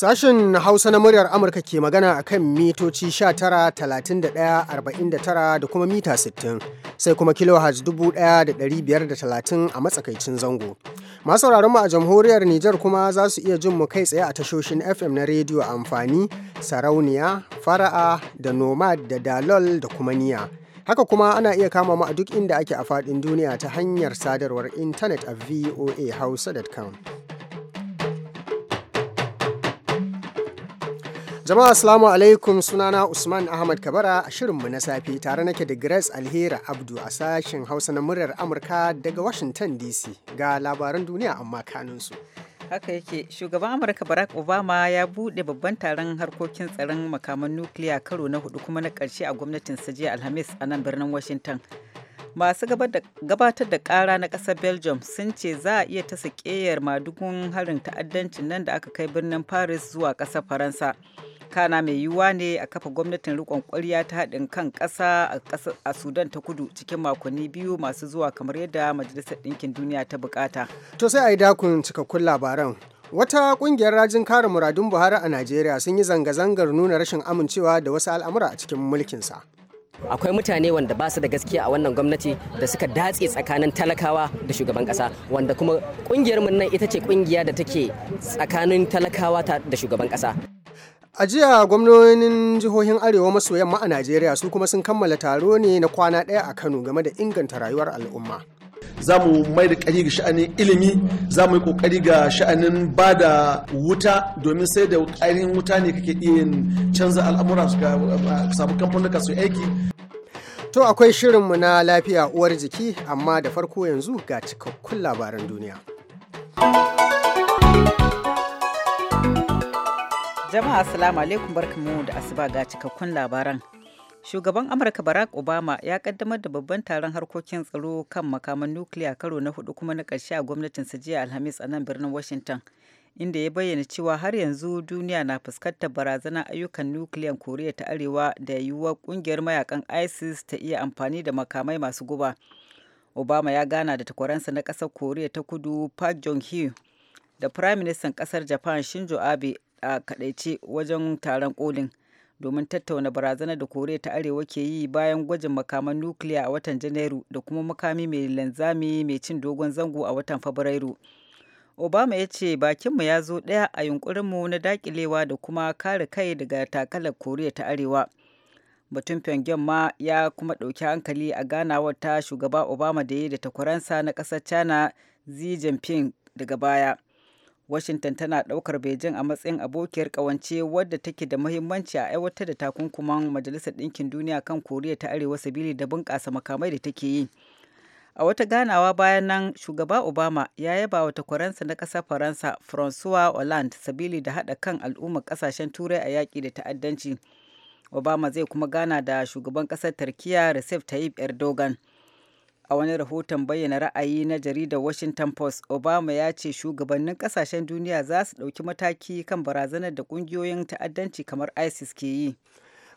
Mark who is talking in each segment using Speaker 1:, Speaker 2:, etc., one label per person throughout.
Speaker 1: Sashen Hausa na muryar Amurka ke magana a kan mitoci 19,31,49 da kuma mita 60 sai kuma kilohertz 1,530 a matsakaicin zango. Masu mu a jamhuriyar Nijar kuma za su iya jin mu kai tsaye a tashoshin FM na rediyo amfani, sarauniya, fara'a da nomad da dalol da kuma niya. Haka kuma ana iya kama mu a duk inda ake a faɗin duniya ta hanyar sadarwar intanet a voahausa.com. Jama'a Assalamu alaikum sunana Usman Ahmad Kabara a shirinmu na safe tare nake da Grace alheri Abdu a sashen Hausa na muryar Amurka daga Washington DC ga labaran duniya amma kanunsu.
Speaker 2: Haka yake shugaban Amurka Barack Obama ya buɗe babban taron harkokin tsaron makaman nukiliya karo na hudu kuma na ƙarshe a gwamnatin jiya Alhamis a nan birnin Washington. masu gabatar da ƙara na ƙasar belgium sun ce za a iya tasa sakeyar madugun harin ta'addancin nan da aka kai birnin paris zuwa ƙasar faransa kana mai yiwuwa ne a kafa gwamnatin rikon kwarya ta haɗin kan ƙasa a sudan ta kudu cikin makonni biyu
Speaker 1: masu zuwa kamar yadda majalisar ɗinkin duniya ta bukata to sai a yi dakun cikakkun labaran Wata kungiyar rajin kare muradun Buhari a Najeriya sun yi zanga-zangar nuna rashin amincewa da wasu al'amura a cikin mulkinsa.
Speaker 2: akwai mutane wanda ba su da gaskiya a wannan gwamnati da suka datse tsakanin talakawa da shugaban kasa wanda kuma kungiyar nan ita ce kungiya da take
Speaker 1: tsakanin talakawa da shugaban kasa A jiya gwamnonin jihohin Arewa maso yamma a Najeriya su kuma sun kammala taro ne na kwana ɗaya a Kano game da inganta rayuwar al'umma.
Speaker 3: za mu mai da ƙari ga sha'anin ilimi za mu yi ƙoƙari ga sha'anin ba da wuta domin sai da ƙarin wuta ne kake iya canza al'amura su
Speaker 1: samu kamfanuka su aiki to akwai shirinmu na lafiya uwar jiki amma da farko yanzu ga cikakkun labaran duniya.
Speaker 2: Jama'a Assalamu alaikum barkamu da asuba ga cikakkun labaran. Shugaban Amurka Barack Obama ya kaddamar da babban taron harkokin tsaro kan makaman nukiliya karo na hudu kuma na karshe a gwamnatin jiya Alhamis a nan birnin Washington. Inda ya bayyana cewa har yanzu duniya na fuskantar barazanar ayyukan nukiliyan Koriya ta Arewa da yiwuwar kungiyar mayakan ISIS ta iya amfani da makamai masu guba. Obama ya gana da takwaransa na ƙasar Koriya ta Kudu Park Jong-hee da Firaministan ƙasar Japan Shinzo Abe a kadaice wajen taron kolin domin tattauna barazanar da koriya ta arewa ke yi bayan gwajin makaman nukiliya a watan janairu da kuma makami mai linzami mai cin dogon zango a watan fabrairu obama ya ce bakinmu ya zo ɗaya a yunkurinmu na dakilewa da kuma kare kai daga takalar koriya ta arewa batun pyongyang ma ya kuma ɗauki hankali a ganawar ta shugaba obama da ya da takwaransa na ƙasar china xi jinping daga baya washington tana ɗaukar beijing a matsayin abokiyar ƙawance wadda take da muhimmanci a aiwatar da takunkuman majalisar ɗinkin duniya kan koriya ta arewa sabili da bunƙasa makamai da take yi a wata ganawa bayan nan shugaba obama ya yaba wa takwaransa na ƙasar faransa francois hollande sabili da haɗa kan al'ummar ƙasashen turai a yaƙi da ta'addanci obama zai kuma gana da shugaban ƙasar turkiyya recep tayyip erdogan a wani rahoton bayyana ra'ayi na jaridar washington post obama ya ce shugabannin kasashen duniya za su ɗauki mataki kan barazanar da ƙungiyoyin ta'addanci kamar isis ke yi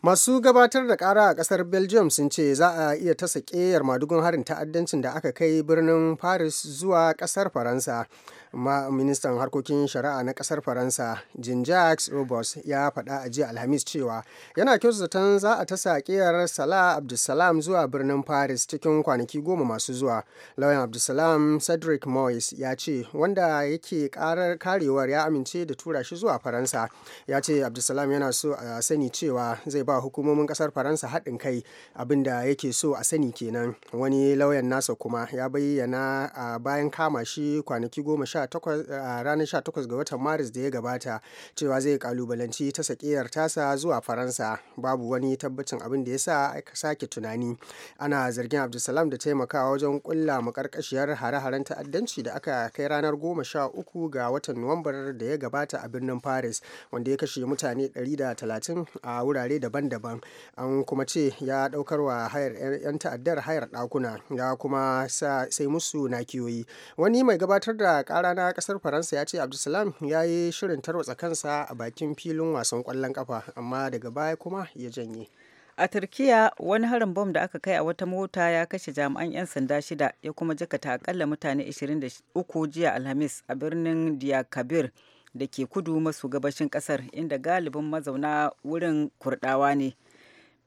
Speaker 1: masu gabatar da kara a kasar belgium sun ce za a iya tasa ƙeyar madugun harin ta'addancin da aka kai birnin paris zuwa kasar faransa ma ministan harkokin shari'a na kasar faransa jean jacques robos ya faɗa a jiya alhamis cewa yana zaton za a ƙeyar sakeyar salah abdulsalam zuwa birnin paris cikin kwanaki goma masu zuwa lauyan abdulsalam cedric moyes ya ce wanda yake karar karewar ya amince da tura shi zuwa faransa ya ce abdulsalam yana so a sani cewa zai ba hukumomin kasar faransa haɗin kai abinda yake so a sani kenan wani lauyan nasa kuma ya bayyana a bayan kama shi kwanaki goma sha takwas ranar sha takwas ga watan maris da ya gabata cewa zai kalubalanci ta sakiyar tasa zuwa faransa babu wani tabbacin abin da ya sa aka sake tunani ana zargin abdulsalam da taimakawa wajen kulla makarkashiyar hare-haren ta'addanci da aka kai ranar goma sha uku ga watan nuwambar da ya gabata a birnin paris wanda ya kashe mutane 130 a wurare daban daban-daban an kuma ce ya daukar wa hayar 'yan ta'addar hayar dakuna ya kuma sai musu na kiyoyi wani mai gabatar da kara na kasar faransa ya ce abdulsalam ya yi shirin tarwatsa kansa a bakin filin wasan kwallon kafa amma daga baya kuma ya janye a turkiya wani harin bom da
Speaker 2: aka kai a wata mota ya kashe jami'an 'yan sanda shida ya kuma jakata akalla mutane 23 jiya alhamis a birnin diyakabir da ke kudu maso gabashin kasar inda galibin mazauna wurin kurdawa ne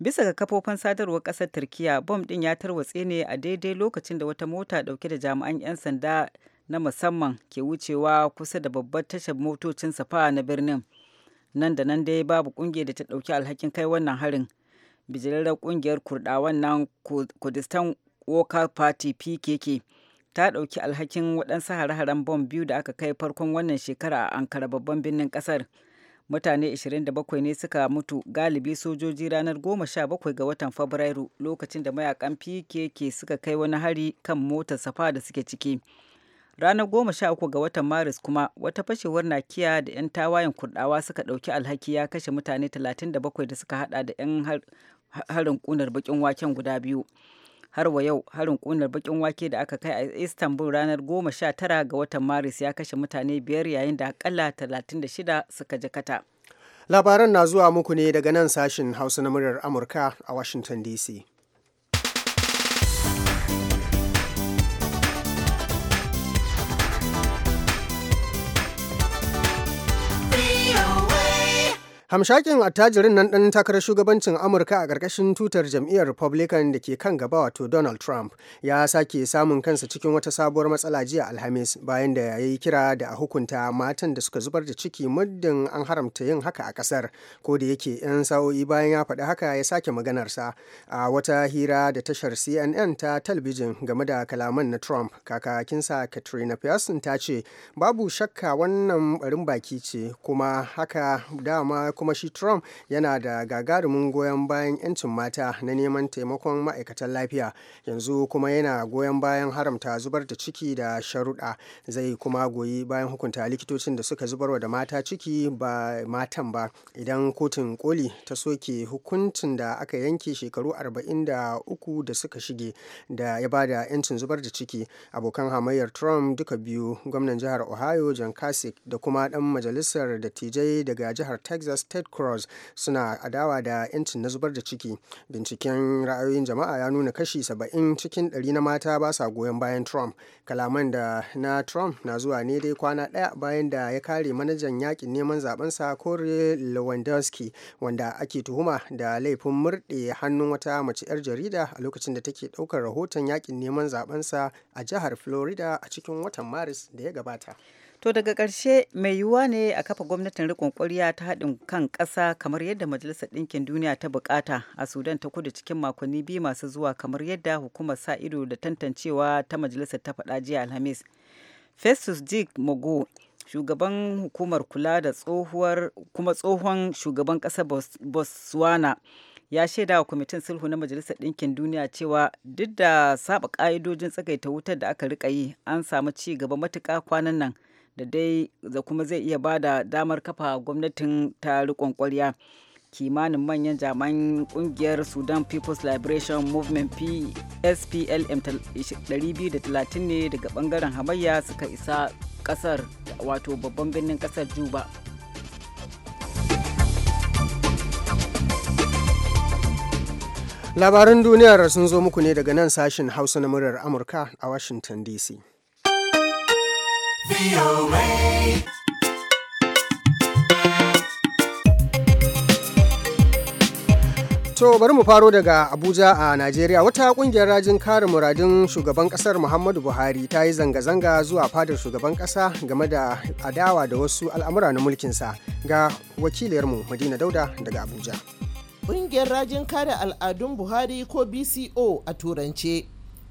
Speaker 2: bisa ga kafofin sadarwar kasar turkiya bom din ya tarwatse ne a daidai lokacin da wata mota dauke da jami'an 'yan sanda na musamman ke wucewa kusa da babbar tashar motocin safa na birnin nan da nan dai babu kungiyar da ta dauki alhakin kai wannan harin bijirarren kungiyar kurdawan nan kudistan walker party pkk ta ɗauki alhakin waɗansu hare-haren bom biyu da aka kai farkon wannan shekara a ankara babban birnin ƙasar mutane 27 ne suka mutu galibi sojoji ranar 17 ga watan fabrairu lokacin da mayakan pkk suka kai wani hari kan motar safa da suke ciki ranar 13 ga watan maris kuma wata fashewar na nakiya da 'yan tawayen kurdawa suka ɗauki alhaki ya kashe mutane 37 da suka hada da 'yan harin kunar bakin waken guda biyu har wa yau harin kunar bakin wake da aka kai a istanbul ranar 19 ga watan maris ya kashe mutane biyar yayin da akalla 36 suka jakata
Speaker 1: labaran na zuwa muku ne daga nan sashin hausa na muryar amurka a washington dc Hamshakin attajirin nan ɗan takarar shugabancin Amurka a ƙarƙashin tutar jam'iyyar Republican da ke kan gaba wato Donald Trump ya sake samun kansa cikin wata sabuwar matsala jiya Alhamis bayan da ya yi kira da a hukunta matan da suka zubar da ciki muddin an haramta yin haka a ƙasar ko da yake 'yan sa'o'i bayan ya faɗi haka ya sake maganarsa a wata hira da tashar CNN ta talabijin game da kalaman na Trump kakakinsa Katrina Pearson ta ce babu shakka wannan barin baki ce kuma haka dama kuma shi trump yana da gagarumin goyon bayan 'yancin mata na neman taimakon ma'aikatan lafiya yanzu kuma yana goyon bayan haramta zubar da ciki da sharuɗa zai kuma goyi bayan hukunta likitocin da suka zubar da mata ciki ba matan ba idan kotun koli ta soke hukuncin da aka yanke shekaru 43 da suka shige da ya ba da 'yancin zubar da ciki abokan hamayyar trump duka biyu gwamnan jihar ohio john kasich da kuma dan majalisar dattijai daga jihar texas Texas State Cross suna adawa da 'yancin na zubar da ciki. Binciken ra'ayoyin jama'a ya nuna kashi 70 cikin ɗari na mata ba sa goyon bayan Trump. Kalaman da na Trump na zuwa ne dai kwana ɗaya bayan da ya kare manajan yakin neman sa Corey Lewandowski wanda ake tuhuma da laifin murɗe hannun wata mace 'yar jarida a lokacin da take ɗaukar rahoton yakin neman zaɓensa a jihar Florida a cikin watan Maris da ya gabata. To daga ƙarshe mai
Speaker 2: yiwuwa ne a kafa gwamnatin riƙon ƙwarya ta haɗin kan ƙasa kamar yadda Majalisar Ɗinkin Duniya ta buƙata a Sudan ta kudu cikin makonni biyu masu zuwa kamar yadda hukumar sa ido da tantancewa ta majalisar ta faɗa jiya Alhamis. Festus Dick Mogo shugaban hukumar kula da tsohuwar kuma tsohon shugaban ƙasar Botswana ya shaida wa kwamitin sulhu na majalisar ɗinkin duniya cewa duk da saba ƙa'idojin tsagaita wutar da aka riƙa yi an samu ci gaba matuƙa kwanan nan da dai da kuma zai iya ba da damar kafa gwamnatin ta riƙon ƙwarya kimanin manyan jaman kungiyar sudan people's liberation movement psplm 230 ne daga bangaren hamayya suka isa ƙasar wato babban birnin ƙasar juba
Speaker 1: labaran duniyar sun zo muku ne daga nan sashen hausa na muryar amurka a washington dc To bari mu faro daga Abuja a Najeriya wata kungiyar rajin kare muradin shugaban kasar Muhammadu Buhari ta yi zanga-zanga zuwa fadar shugaban kasa game da adawa da wasu al'amura na mulkinsa ga wakiliyarmu Madina Dauda daga Abuja.
Speaker 4: Kungiyar rajin kare al'adun Buhari ko BCO a turance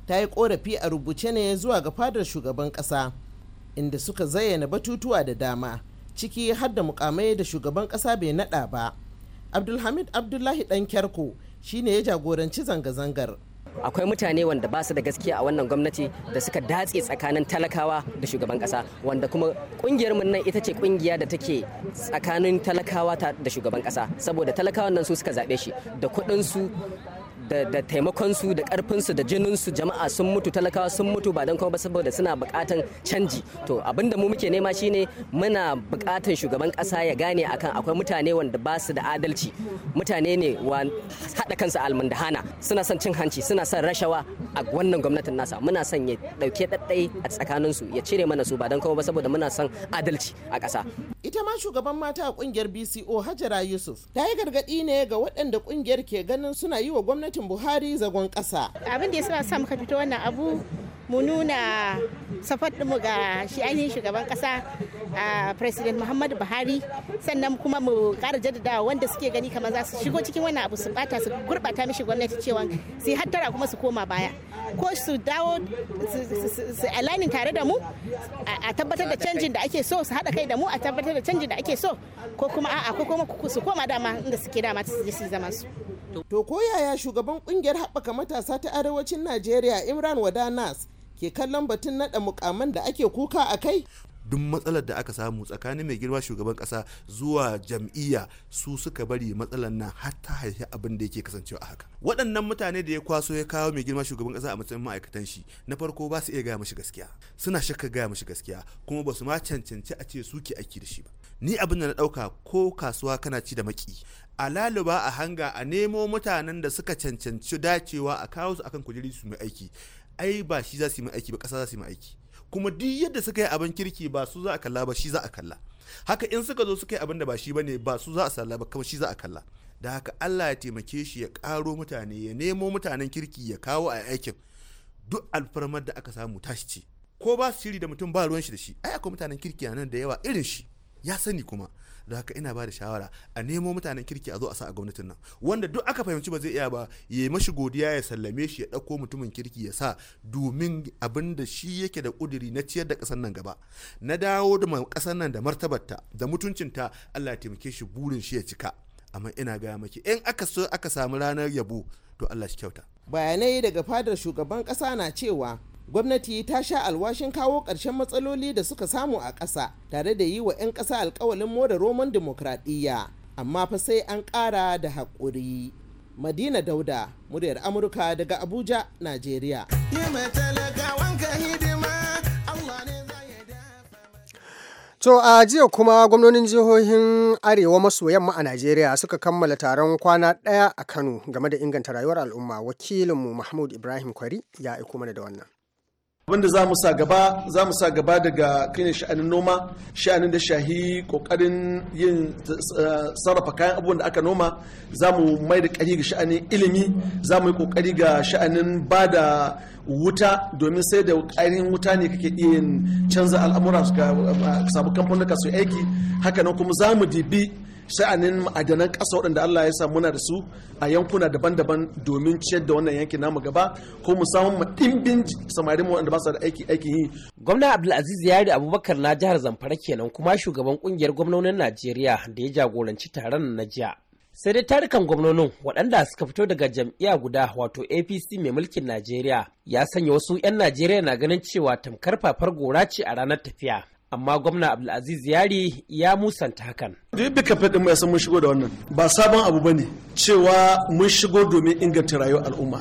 Speaker 4: ta yi korafi a rubuce ne zuwa ga fadar shugaban kasa. inda suka zayyana batutuwa da dama ciki har da mukamai da shugaban kasa bai naɗa ba abdulhamid abdullahi ɗan kyarko shine ya jagoranci zanga-zangar akwai mutane wanda ba su da gaskiya a wannan gwamnati
Speaker 2: da suka datse tsakanin talakawa da shugaban kasa wanda kuma kungiyar mun nan ita ce kungiya da take tsakanin talakawa da shugaban kasa saboda talakawan nan su suka zaɓe shi da kuɗin su da taimakonsu da karfinsu da jinin su jama'a sun mutu talakawa sun mutu ba don kuma ba saboda suna bukatan canji to da mu muke nema shine muna bukatan shugaban kasa ya gane akan akwai mutane wanda ba su da adalci mutane ne wa hada kansu almundahana suna son cin hanci suna son rashawa a wannan gwamnatin nasa muna son ya dauke daddai a tsakaninsu ya cire mana su ba don kuma ba saboda muna son adalci a kasa.
Speaker 4: ita ma shugaban mata a kungiyar bco hajara yusuf ta yi gargadi ne ga waɗanda kungiyar ke ganin suna yi wa gwamnati gwamnatin buhari zagon kasa. abin da ya sa muka fito wannan abu
Speaker 2: mu nuna safar mu ga shi ainihin shugaban kasa a president muhammadu buhari sannan kuma mu kara jaddada wanda suke gani kamar za su shigo cikin wannan abu su bata su gurbata mishi gwamnati cewa su yi hattara kuma su koma baya ko su dawo su alanin tare da mu a tabbatar da canjin da ake so su haɗa kai da mu a tabbatar da canjin da ake so ko kuma a'a ko kuma su koma dama inda suke dama su je su zama su
Speaker 5: To
Speaker 4: ko yaya shugaban kungiyar haɓaka matasa ta arewacin Najeriya Imran Wadanas
Speaker 5: ke kallon batun naɗa mukaman da ake kuka a kai? duk matsalar da aka samu tsakanin mai girma shugaban kasa zuwa jam'iyya su suka bari matsalar nan har ta haifi abin da yake kasancewa a haka waɗannan mutane da ya kwaso ya kawo mai girma shugaban kasa a matsayin ma'aikatan shi na farko ba su iya gaya mashi gaskiya suna shakka gaya mashi gaskiya kuma ba su ma cancanci a ce su ke aiki da shi ba ni abin da na ɗauka ko kasuwa kana ci da maki a laluba a hanga a nemo mutanen da suka cancanci dacewa a kawo su akan kujeri su mai aiki ai ba shi za su yi aiki ba ƙasa za su yi aiki kuma duk yadda suka yi abin kirki ba su za a kalla ba shi za a kalla haka in suka zo suka yi abin da ba shi ba ne ba su za a salla ba kuma shi za a kalla da haka Allah ya taimake shi ya ƙaro mutane ya nemo mutanen kirki ya kawo a aikin duk alfarmar da aka samu tashi ce ko ba su shiri da mutum ba ruwan shi da shi ai akwai mutanen kirki nan da yawa irin shi ya sani kuma da haka ina bada shawara a nemo mutanen kirki a zo a sa a gwamnatin nan wanda duk aka fahimci ba zai iya ba ya mashi godiya ya sallame shi ya ɗauko mutumin kirki ya sa domin abin da shi yake da ƙuduri na ciyar da ƙasar nan gaba na dawo da ƙasar nan da martabarta da mutuncinta Allah ya taimake shi burin shi ya cika amma ina gaya maki in aka so aka samu ranar yabo to Allah shi kyauta bayanai daga fadar shugaban ƙasa na cewa
Speaker 4: gwamnati ta sha alwashin kawo ƙarshen matsaloli da suka samu a ƙasa tare da yi wa 'yan ƙasa alkawalin more roman dimokuraɗiyya amma fa sai an ƙara da haƙuri madina dauda muryar amurka daga abuja najeriya
Speaker 1: To a jiya kuma gwamnonin jihohin Arewa maso yamma a Najeriya suka kammala taron kwana ɗaya a Kano game da inganta rayuwar al'umma wakilinmu Mahmud Ibrahim Kwari ya aiko mana da wannan.
Speaker 3: abinda za mu sa gaba za mu sa gaba
Speaker 1: daga kai sha'anin noma sha'anin da shahi
Speaker 3: kokarin yin eh, sarrafa kayan abubuwan da aka noma za mu mai da kari ga sha'anin ilimi za mu yi kokari ga sha'anin ba da wuta domin sai da ƙarin wuta ne kake iya canza al'amura su eh, samu kamfanin su aiki haka nan kuma za mu dibi sha'anin ma'adanan ƙasa waɗanda Allah ya sa muna da su a yankuna daban-daban domin ciyar da wannan yankin namu gaba ko mu samu mu samarin waɗanda ba su da aiki aiki yi. Gwamna Abdulaziz Yari Abubakar na jihar Zamfara kenan kuma shugaban
Speaker 6: ƙungiyar gwamnonin Najeriya da ya jagoranci taron na jiya. sai dai tarukan gwamnonin waɗanda suka fito daga jam'iyya guda wato apc mai mulkin najeriya ya sanya wasu 'yan najeriya na ganin cewa tamkar fafar gora ce a ranar tafiya amma gwamna abdulaziz yari ya musanta hakan
Speaker 3: duka faɗin mai san mun shigo da wannan ba sabon abu ba ne cewa mun shigo domin inganta rayuwar al'umma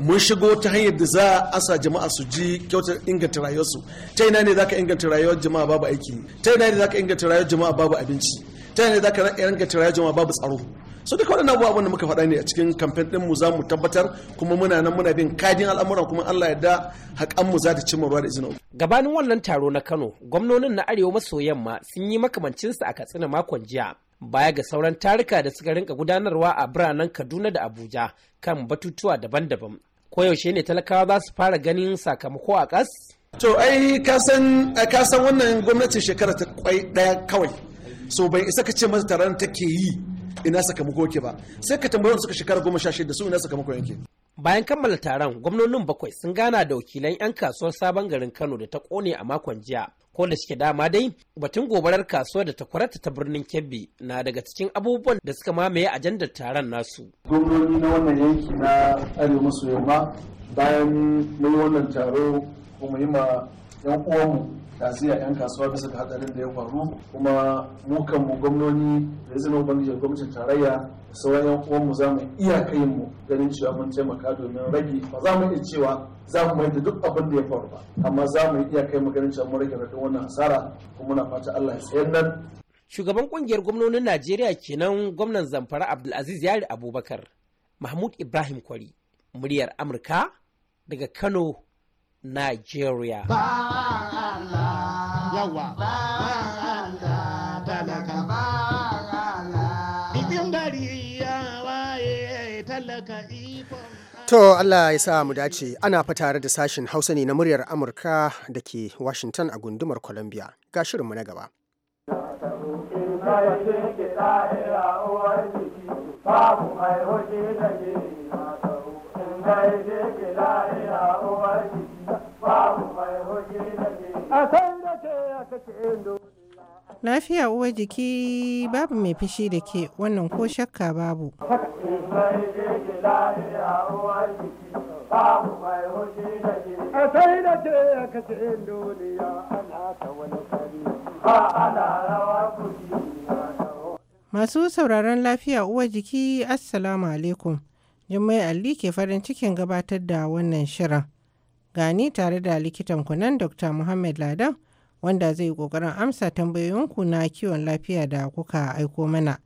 Speaker 3: mun shigo ta hanyar da za a sa jama'a su ji kyautar inganta rayuwarsu ta ina ne zaka inganta rayuwar jama'a babu aiki ta ina ne zaka inganta rayuwar jama'a babu abinci ta ina ne zaka inganta rayuwar jama'a babu tsaro so duka waɗannan abubuwan da muka faɗa ne a cikin kamfen ɗinmu za mu tabbatar kuma muna nan muna bin kadin al'amuran kuma Allah ya da haƙanmu za ta ci ruwa da izinin gabanin wannan taro
Speaker 6: na Kano gwamnonin na arewa maso yamma sun yi makamancinsa a Katsina makon jiya baya ga sauran tarika da suka rinka gudanarwa a biranen Kaduna da Abuja kan batutuwa daban-daban koyaushe ne talakawa za su fara ganin sakamako
Speaker 3: a ƙas to ai ka san wannan gwamnatin shekara ta kwai ɗaya kawai so bai isa ka ce mata taron take yi ina sakamako ke ba sai ka tambayi suka shekara goma sha shida su ina sakamako yake bayan kammala taron gwamnonin bakwai sun gana da wakilan 'yan
Speaker 6: kasuwar sabon garin kano da ta kone a makon jiya ko da shike dama dai batun gobarar kasuwa da ta kwarata ta birnin kebbi na daga cikin abubuwan da suka mamaye ajandar taron nasu
Speaker 3: gwamnoni na wannan yanki na arewa maso yamma bayan mai wannan taro kuma yi ma 'yan uwanmu tasiri yan kasuwa bisa ga hadarin da ya faru kuma mu kanmu gwamnoni da izinin ubangiji gwamnatin tarayya da sauran yan uwanmu za mu iya kayin mu ganin cewa mun taimaka domin rage ba za mu iya cewa za mu yadda duk abin da ya faru ba amma za mu iya kai mu ganin cewa mun rage radin wannan asara kuma muna fata Allah ya tsayar nan
Speaker 6: shugaban kungiyar gwamnonin Najeriya kenan gwamnan Zamfara Abdulaziz Yari Abubakar Mahmud Ibrahim Kwari muryar Amurka daga Kano Nigeria. yawa
Speaker 1: To Allah ya sa mu dace ana fatare da sashen Hausa ne na muryar Amurka da ke Washington a gundumar Columbia. Ga shirinmu na gaba.
Speaker 3: A
Speaker 7: Lafiya uwar jiki babu mai fishi da ke wannan ko shakka babu. Masu sauraron lafiya uwar jiki Assalamu alaikum. Jummai Alli, ke farin cikin gabatar da wannan shirin. Gani tare da likitan kunan Dr. Muhammad Ladan wanda zai ƙoƙarin amsa tambayoyinku na kiwon lafiya da kuka aiko mana.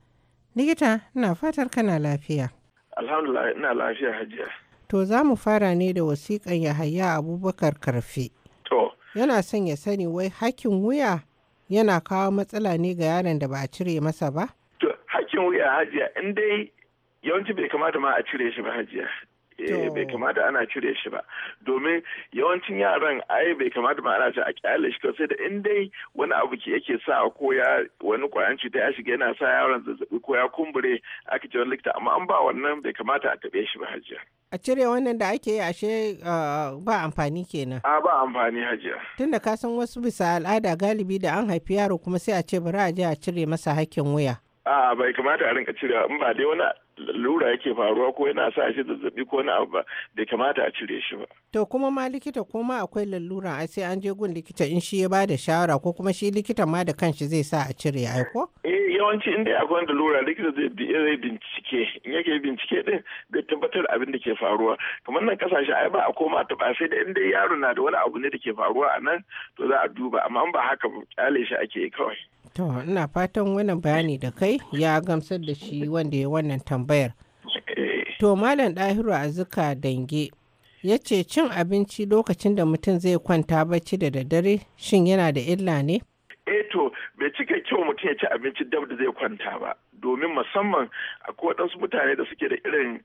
Speaker 7: Likita, ina fatar kana lafiya.
Speaker 8: Alhamdulillah, ina lafiya hajiya.
Speaker 7: To za mu fara ne da wasiƙan Yahaya Abubakar Karfe. To. Yana son ya sani wai hakin wuya yana kawo matsala ne ga yaron da ba a cire masa ba?
Speaker 8: To, hakin wuya hajiya in dai yawanci bai kamata ma a cire shi ba hajiya. Eh, bai kamata ana cire shi ba domin yawancin yaran ai bai kamata ba ana ce a kyale shi kawai da in dai wani abu ke yake sa ko ya wani kwayan cuta ya shiga yana sa yaron zazzabi ko ya kumbure aka ce wani likita amma an ba wannan bai kamata a taɓe shi ba hajiya.
Speaker 7: a cire wannan da ake yi ashe ba amfani kenan. a ba amfani hajiya. tunda ka san wasu bisa al'ada galibi da an haifi yaro kuma sai a ce bari a je a cire masa hakkin wuya.
Speaker 8: a bai kamata a rinka cirewa in ba dai wani lura yake faruwa ko yana sa shi zazzabi ko na abu da kamata a cire shi ba.
Speaker 7: To kuma ma likita ko ma akwai lalura a sai an je gun likita in shi ya ba da shawara ko kuma shi likita ma da kanshi zai sa a cire ai ko?
Speaker 8: Eh yawanci in dai akwai lura likita zai zai bincike in yake bincike din zai tabbatar abin da ke faruwa kamar nan kasashe ai ba a koma ta ba sai da in dai yaro na da wani abu ne da ke faruwa a nan to za a duba amma ba haka ba kyale shi ake kawai.
Speaker 7: To, ina fatan wannan bayani da kai ya gamsar da shi wanda ya wannan tambayar. To, Malam Ɗahiru zuka Dange ya ce cin abinci lokacin da mutum zai kwanta bacci da daddare shin yana da illa ne?
Speaker 8: E, to, bai cika kyau mutum ya ci abinci dab da zai kwanta ba, domin musamman akwai waɗansu mutane da suke da irin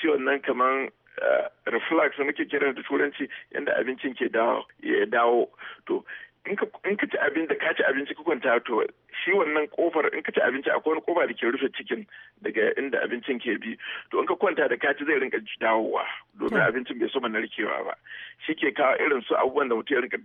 Speaker 8: ciwon nan kamar eh, reflux da muke kiran da turanci yadda abincin ke dawo. To, in ka ci abinci da ka ci abinci ka kwanta to shi wannan kofar in ka ci abinci akwai wani kofa da ke rufe cikin daga inda abincin ke bi to in ka kwanta da ka ci zai rinka dawowa domin hmm. abincin bai soma narkewa ba shi ke kawo irin su abubuwan da mutum ya rinka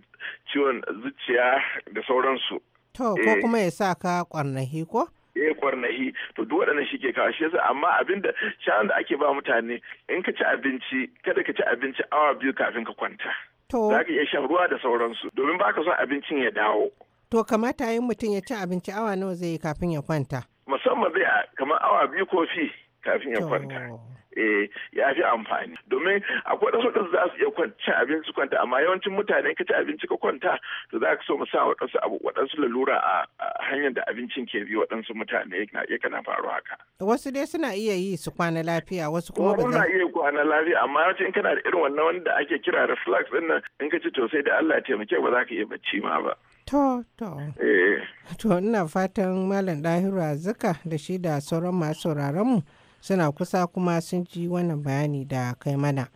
Speaker 8: ciwon zuciya da sauransu. To ko eh. kuma ya sa ka
Speaker 7: kwarnahi ko?
Speaker 8: Eh kwarnahi to duk waɗannan shi ke kawo shi yasa amma abin da shan da ake ba mutane in ka ci abinci kada ka ci abinci awa biyu kafin ka kwanta. za ka iya shan ruwa da sauransu domin ba ka son abincin ya dawo.
Speaker 7: To kamata yin mutum ya ci abinci awa nawa zai yi kafin ya kwanta.
Speaker 8: Musamman zai kamar awa biyu ko fi kafin ya kwanta. Eh, ya fi amfani domin akwai da za su iya cin abinci kwanta amma yawancin mutane ka ci abinci ka kwanta to za ka so mu sa waɗansu abu waɗansu lalura a hanyar da abincin ke bi waɗansu mutane ya kana faru haka.
Speaker 7: wasu dai suna iya yi su kwana lafiya wasu
Speaker 8: kuma ba za iya kwana lafiya amma yawanci in kana da irin wannan wanda ake kira reflux din nan in ka ci to sai da Allah ya taimake ba za ka iya bacci ma ba. To, to. Eh.
Speaker 7: To, ina fatan Malam Dahiru Azuka da shi da sauran masu sauraronmu mu suna kusa kuma sun ji wannan bayani da kai mana.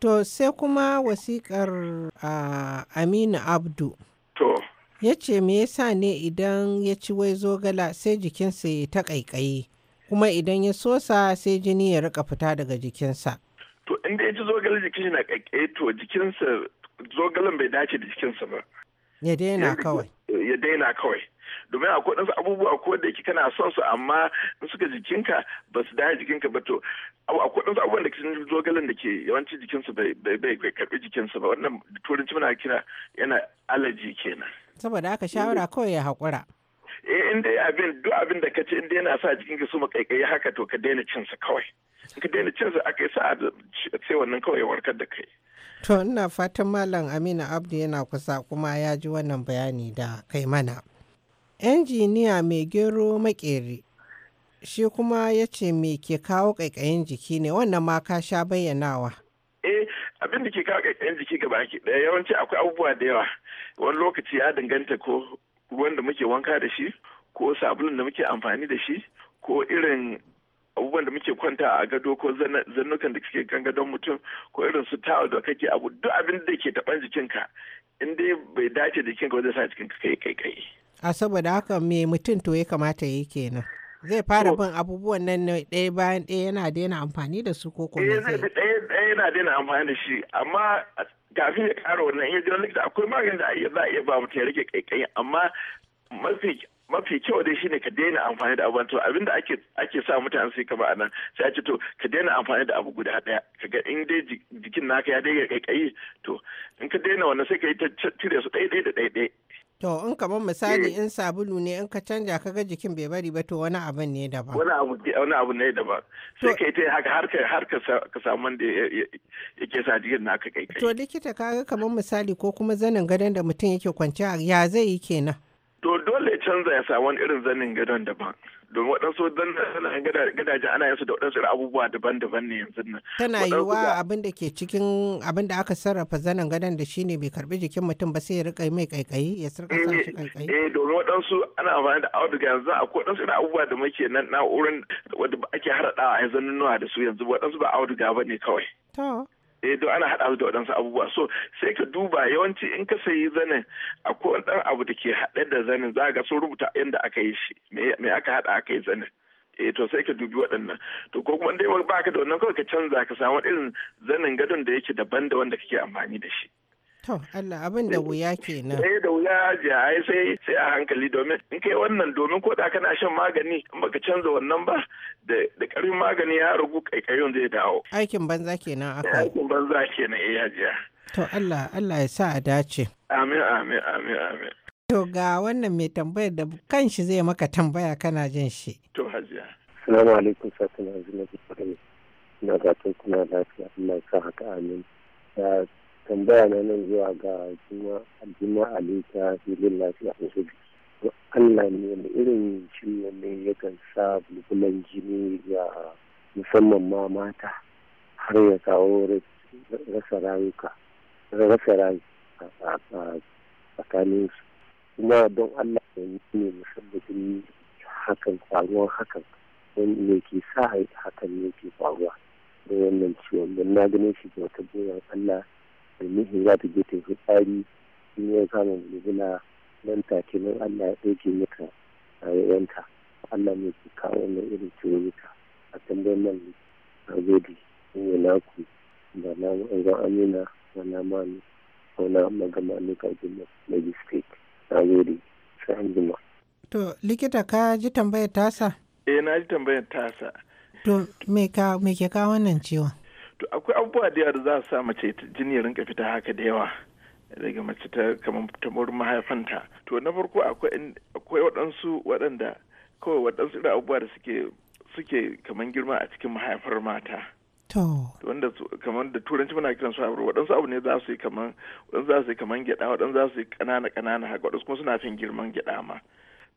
Speaker 7: To sai kuma wasiƙar uh, Aminu Abdu. To. Ya ce me yasa ne idan ya ci wai zogala sai jikinsa ya ta ƙaiƙayi, kuma idan ya sosa sai jini ya rika fita daga jikinsa.
Speaker 8: To inda ya ci zogala jikin na ƙaiƙayi to jikinsa zogalan bai dace da jikinsa ba.
Speaker 7: Ya daina kawai.
Speaker 8: Ya daina kawai. domin akwai ɗansu abubuwa ko da yake kana son su amma in suka jikinka ba su daya jikinka ba to akwai ɗansu abubuwan da kisan zogalin da ke yawanci jikinsu bai karɓi jikinsu ba wannan turanci muna kira yana alaji kenan.
Speaker 7: saboda aka shawara kawai ya haƙura.
Speaker 8: eh in dai abin duk abin da ka ce in dai yana sa jikinka su makaikai haka to ka daina su kawai in ka daina su aka yi sa'a sai wannan kawai warkar da kai
Speaker 7: to ina fatan malam amina abdu yana kusa kuma ya ji wannan bayani da kai mana Injiniya mai gero makeri shi kuma ya ce me ke kawo ƙaiƙayin jiki ne wannan ma ka sha bayyanawa.
Speaker 8: Eh abin da ke kawo ƙaiƙayin jiki ga baki ɗaya yawanci akwai abubuwa da yawa wani lokaci ya danganta ko ruwan da muke wanka da shi ko sabulun da muke amfani da shi ko irin abubuwan da muke kwanta a gado ko zannukan da suke kan gadon mutum ko irin su tawa da kake abu duk abin da ke taban jikinka in dai bai dace jikinka wajen sa jikinka kai kai kai.
Speaker 7: a saboda haka me mutum to ya kamata ya yi kenan zai fara bin abubuwan nan na ɗaya bayan ɗaya yana daina amfani da su ko kuma eh, zai bi
Speaker 8: ɗaya yana daina amfani da shi amma kafin ya ƙara wannan iya jiran likita akwai magani da za a iya ba mutum ya rage ƙaiƙayi amma mafi mafi kyau dai shine ka daina amfani da abubuwan to abinda ake ake sa mutane su kama anan sai a ce to ka daina amfani da abu guda ɗaya kaga in dai jikin naka ya daina kaikayi to in ka daina wannan sai ka yi ta cire su ɗaya ɗaya da ɗaya
Speaker 7: To in ka ban misali in sabulu ne in ka canja ka ga jikin bai bari ba to wani abu ne daban. Wani
Speaker 8: abu wani abu ne daban. Sai kai ta haka har ka har ka samu wanda yake sa jikin naka kai kai. To
Speaker 7: likita ka ga kamar misali ko kuma zanin gadon da mutum yake kwanciya ya zai yi kenan.
Speaker 8: To dole canza ya samu irin zanin gadon daban. domin waɗansu don gadaje ana yansu da waɗansu abubuwa daban-daban ne yanzu nan. Tana yiwuwa
Speaker 7: abin da ke cikin abin da aka sarrafa zanen gadon da shine bai karbi jikin mutum ba sai ya rika mai kaikayi ya sarka sa eh, shi
Speaker 8: kaikayi. Eh domin waɗansu ana amfani da auduga yanzu ko waɗansu irin abubuwa da muke nan na'urar wadda ake a yanzu nunuwa da su yanzu waɗansu ba auduga ba ne kawai. To. eh to ana haɗa da waɗansu abubuwa so sai ka duba yawanci in ka sayi zanin akwai wani ɗan abu da ke haɗe da zanin za ga sun rubuta yadda aka yi shi me aka haɗa aka yi zanin eh to sai ka dubi waɗannan to ko kuma dai baka da wannan kawai ka canza ka samu irin zanin gadon da yake daban da wanda kake amfani da shi
Speaker 7: To Allah abin da wuya nan. Sai
Speaker 8: eh, da wuya ji ai sai sai a hankali domin in kai wannan domin ko da kana shan magani in baka canza wannan ba da karin magani ya rugu kaikayon zai dawo.
Speaker 7: Aikin banza kenan aka.
Speaker 8: Aikin banza kenan eh hajiya.
Speaker 7: To Allah Allah ya sa a dace.
Speaker 8: Amin amin amin amin.
Speaker 7: To ga wannan mai tambayar da kanshi zai maka tambaya kana jin shi.
Speaker 6: To hajiya. Assalamu alaikum sakin azumi na gatan kuna lafiya Allah ya sa haka amin. tambaya na nan zuwa ga juma aljima alita filin lafiya asibiti to allah ne da irin ciwo ne yakan sa bulbulan jini ga musamman ma mata har ya kawo rasa rayuka rasa rayuka a tsakanin su kuma don allah ne ne musabbatin hakan faruwar hakan wanda ke sa hakan ne ke faruwa da wannan ciwon don na ganin shi da wata goyon allah domin za ta je ta tsari in yi samun mulmula nan take nan Allah ya ɗauke maka a yanka Allah ne ke kawo na irin turuka a tambayin nan a gode in yi naku da na zan amina da na mani ko na
Speaker 8: magana ne ka ji na state na gode sai an jima.
Speaker 7: To likita ka ji tambayar tasa?
Speaker 8: Eh na ji tambayar tasa.
Speaker 7: To me ke kawo
Speaker 8: wannan ciwon? to akwai abubuwa da yawa da za su sa mace jini ya rinka fita haka da yawa daga mace ta kamar ta mahaifanta to na farko akwai waɗansu waɗanda kawai waɗansu irin abubuwa da suke suke kamar girma a cikin mahaifar mata to wanda kamar da turanci muna kiran su abu waɗansu abu ne za su yi kamar waɗansu za su yi kamar gyaɗa waɗansu za su yi ƙanana ƙanana haka waɗansu kuma suna fin girman gyaɗa ma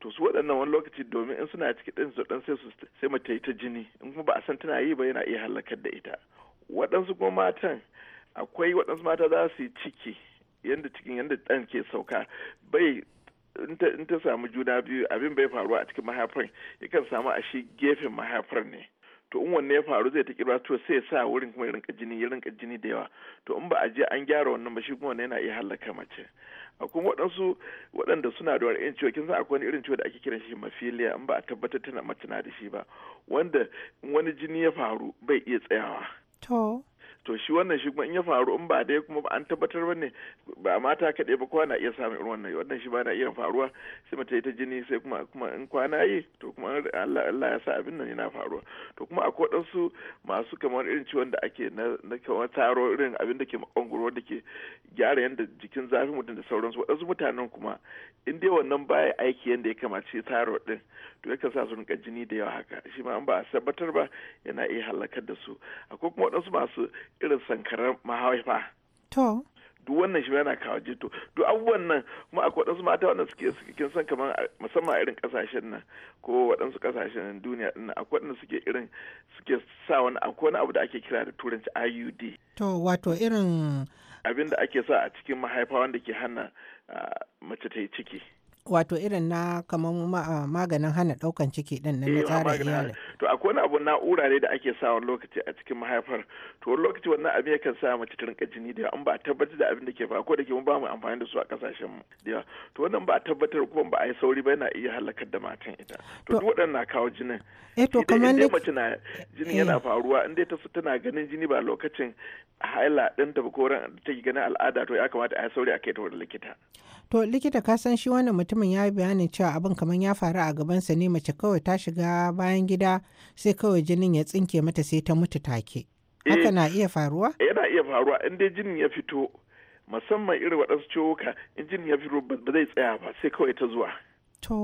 Speaker 8: to su waɗannan wani lokaci domin in suna ciki ɗin su ɗan sai su sai mace ta jini in kuma ba a san tana yi ba yana iya halakar da ita waɗansu kuma matan akwai waɗansu mata za su yi ciki yadda cikin yadda ɗan ke sauka bai in ta samu juna biyu abin bai faruwa a cikin mahaifar yakan samu a shi gefen mahaifar ne to in wanne ya faru zai ta kirwa to sai sa wurin kuma ya rinka jini ya rinka jini da yawa to in ba a je an gyara wannan ba shi kuma wannan yana iya halaka mace akwai waɗansu waɗanda suna da wani ciwo kin san akwai wani irin ciwo da ake kiran shi mafiliya in ba a tabbatar tana mace na da shi ba wanda in wani jini ya faru bai iya tsayawa tall to shi wannan shi kuma in ya faru in ba dai kuma an tabbatar ba ne ba mata kaɗai ba kwana iya samun irin wannan wannan shi ba na iya faruwa sai mata ta jini sai kuma kuma in kwana yi to kuma Allah ya sa abin nan yana faruwa to kuma akwai wadansu masu kamar irin ciwon da ake na kamar taro irin abin da ke makongoro da ke gyara yadda jikin zafin mutum da sauransu Waɗansu mutanen kuma in dai wannan baya aiki yadda ya kamace taro din to yakan sa su rinka jini da yawa haka shi ma an ba a tabbatar ba yana iya halakar da su akwai kuma waɗansu masu irin sankarar mahaifa to duk wannan shi yana kawo jito duk abubuwan nan kuma akwai waɗansu mata wanda suke kin san kamar musamman irin kasashen nan ko waɗansu kasashen duniya din nan akwai waɗanda suke irin suke sa wani akwai wani abu da ake kira da turanci IUD
Speaker 7: to wato irin
Speaker 8: abin da ake sa a cikin mahaifa wanda ke hana mace ta yi ciki
Speaker 7: wato irin na kamar maganin hana daukan ciki din na eh, tsara iyali
Speaker 8: to akwai wani abu na'ura ne da ake sa wani lokaci a cikin mahaifar to wani lokaci wannan abin yakan sa mace ta rinka jini da an ba tabbatar da abin da ke faruwa ko da ke mun ba mu amfani da su a kasashen mu da to wannan ba tabbatar kuma ba a yi sauri ba yana iya halakar da matan ita to duk waɗannan na kawo jinin
Speaker 7: eh to kamar ne mace
Speaker 8: na jinin eh. yana faruwa in dai ta tana ganin jini ba lokacin haila ɗinta ba ko ran take ganin al'ada to ya kamata a yi sauri a kai ta wurin likita
Speaker 7: To likita ka san shi wannan mutumin ya yi bayanin cewa abin kamar ya faru a gabansa ne mace kawai ta shiga bayan gida sai kawai jinin ya tsinke mata sai ta mutu take. Eh. Haka na iya faruwa?
Speaker 8: Eh, yana iya faruwa in dai jinin ya fito musamman irin waɗansu ciwuka in jinin ya fito ba zai tsaya ba sai kawai ta zuwa. To.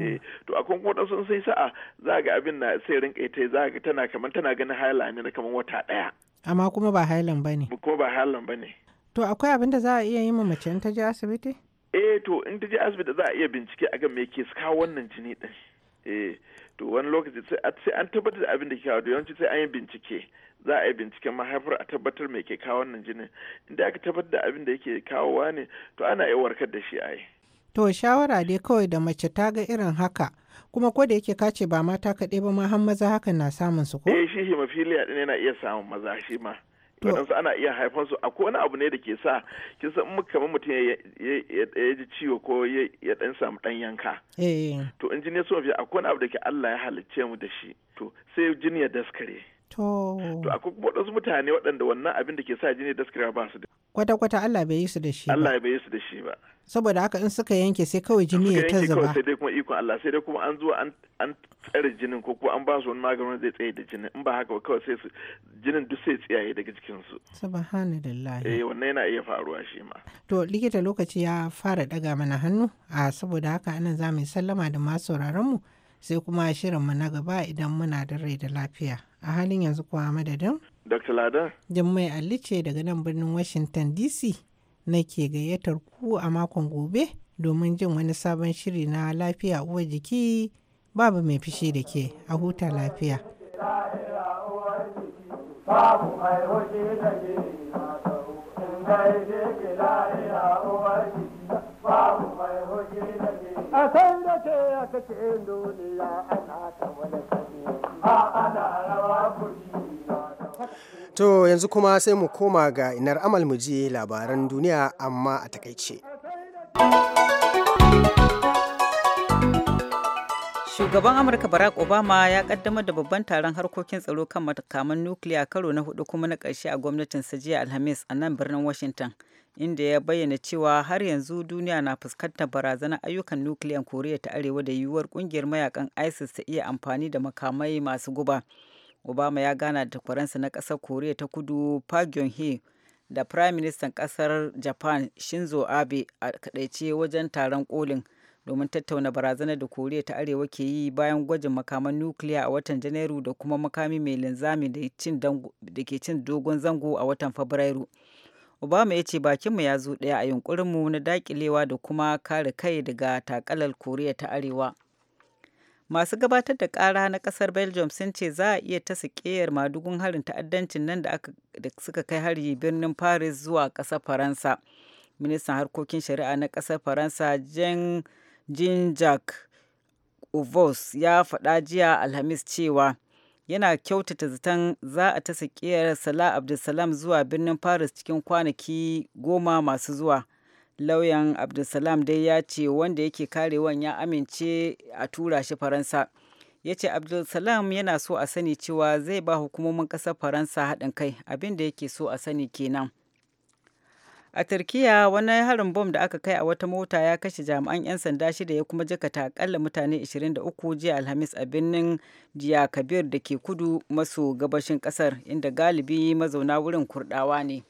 Speaker 8: Eh, to akwai kuma waɗansu sai sa'a za ga abin na sai rinka ita za ga tana kamar tana ganin haila ne kamar wata ɗaya. Amma
Speaker 7: kuma ba hailan ba ne.
Speaker 8: Kuma ba hailan ba ne.
Speaker 7: To akwai abin da za a iya yi ma mace in ta je asibiti?
Speaker 8: eh to in ta je asibiti za a iya bincike ga me ke kawo wannan jini din eh to wani lokaci sai an tabbatar da abin da ke kawo yawanci sai an yi bincike za a yi binciken mahaifar a tabbatar me ke kawo wannan jinin inda aka tabbatar da abin da yake kawowa ne to ana iya warkar da shi ai
Speaker 7: to shawara dai kawai da mace ta ga irin haka kuma ko da yake kace ba mata kaɗai ba ma har maza hakan na samun su ko eh
Speaker 8: shi hemophilia din yana iya samun maza shi ma waɗansu ana iya haifar su akwai wani abu ne da ke sa kin san mu kamar mutum ya ji ciwo ko ya dan samu dan yanka eh. to in jini so akwai wani abu da ke Allah ya halicce mu da shi to sai jini ya daskare
Speaker 7: to akwai
Speaker 8: akwai waɗansu mutane waɗanda wannan abin da ke sa jini daskare ba su da
Speaker 7: kwata kwata Allah bai yi su da shi Allah
Speaker 8: bai yi su da shi ba
Speaker 7: saboda haka in suka yanke sai kawai jini ya ta zuba sai
Speaker 8: dai kuma ikon Allah sai dai kuma an zo an tsare jinin ko kuma an ba su wani maganin zai tsaye da jinin in ba haka kawai sai su jinin duk sai tsiyaye daga jikin su
Speaker 7: subhanallahi eh
Speaker 8: wannan yana iya faruwa shi ma
Speaker 7: to likita lokaci ya fara daga mana hannu a saboda haka anan za mu sallama da masu sauraron mu sai kuma shirin mu na gaba idan muna da rai da lafiya a halin yanzu kuwa madadin
Speaker 8: Dr. Ladan.
Speaker 7: Jummai Ali ce daga nan birnin Washington DC nake gayyatar ku a makon gobe domin jin wani sabon shiri na lafiya uwa jiki babu mai fishi da ke a huta lafiya.
Speaker 1: A To yanzu kuma sai mu koma ga inar amal mu je labaran duniya amma a takaice.
Speaker 2: Shugaban Amurka Barack Obama ya kaddamar da babban taron harkokin tsaro kan matakaman nukiliya karo na hudu kuma na ƙarshe a sa jiya Alhamis a nan birnin Washington, inda ya bayyana cewa har yanzu duniya na fuskantar barazanar ayyukan nukiliyan Koriya ta Arewa da yiwuwar kungiyar mayakan ISIS ta iya amfani da makamai masu guba. obama ya gana da takwaransa na ƙasar koriya ta kudu park geun da prime ministan ƙasar japan shinzo abe a kadaice wajen taron kolin domin tattauna barazanar da koriya ta arewa ke yi bayan gwajin makaman nukiliya a watan janairu da kuma makami mai linzami da ke cin dogon zango a watan fabrairu obama ya ce bakinmu ya zo daya a yunkurinmu na dakilewa da kuma kare kai daga takalar koriya ta arewa masu gabatar da kara na kasar belgium sun ce za a iya ta sikiyar madugun harin ta'addancin nan da suka kai hari birnin paris zuwa kasar faransa ministan harkokin shari'a na kasar faransa jean jacques ovos ya faɗa jiya alhamis cewa yana kyautata zaton za a ta sakiyar Salah abdulsalam zuwa birnin paris cikin kwanaki goma masu zuwa lauyan abdulsalam dai ya ce wanda yake karewan ya amince a tura shi faransa ya ce abdulsalam yana so a sani cewa zai ba hukumomin ƙasar faransa haɗin kai abin da yake so a sani kenan a turkiya wani harin bom da aka kai a wata mota ya kashe jami'an 'yan sanda shida ya kuma jakata akalla mutane 23 jiya alhamis a birnin jiya kabir da ke kudu maso gabashin kasar inda galibi mazauna wurin kurdawa ne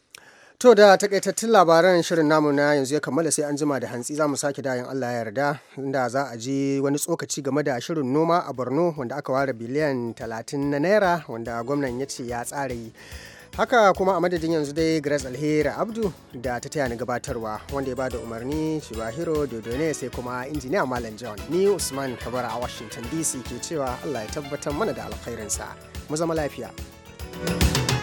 Speaker 1: To da takaitattun labaran shirin namu na yanzu ya kammala sai an jima da hantsi za mu sake dayan Allah ya yarda inda za a ji wani tsokaci game da shirin noma a Borno wanda aka ware biliyan 30 na naira wanda gwamnan ya ce ya tsara yi. Haka kuma a madadin yanzu dai Grace Alheri Abdu da ta taya ni gabatarwa wanda ya bada umarni Shibahiro Dodone sai kuma injiniya Malam John ni Usman Kabara a Washington DC ke cewa Allah ya tabbatar mana da alkhairinsa. Mu zama lafiya.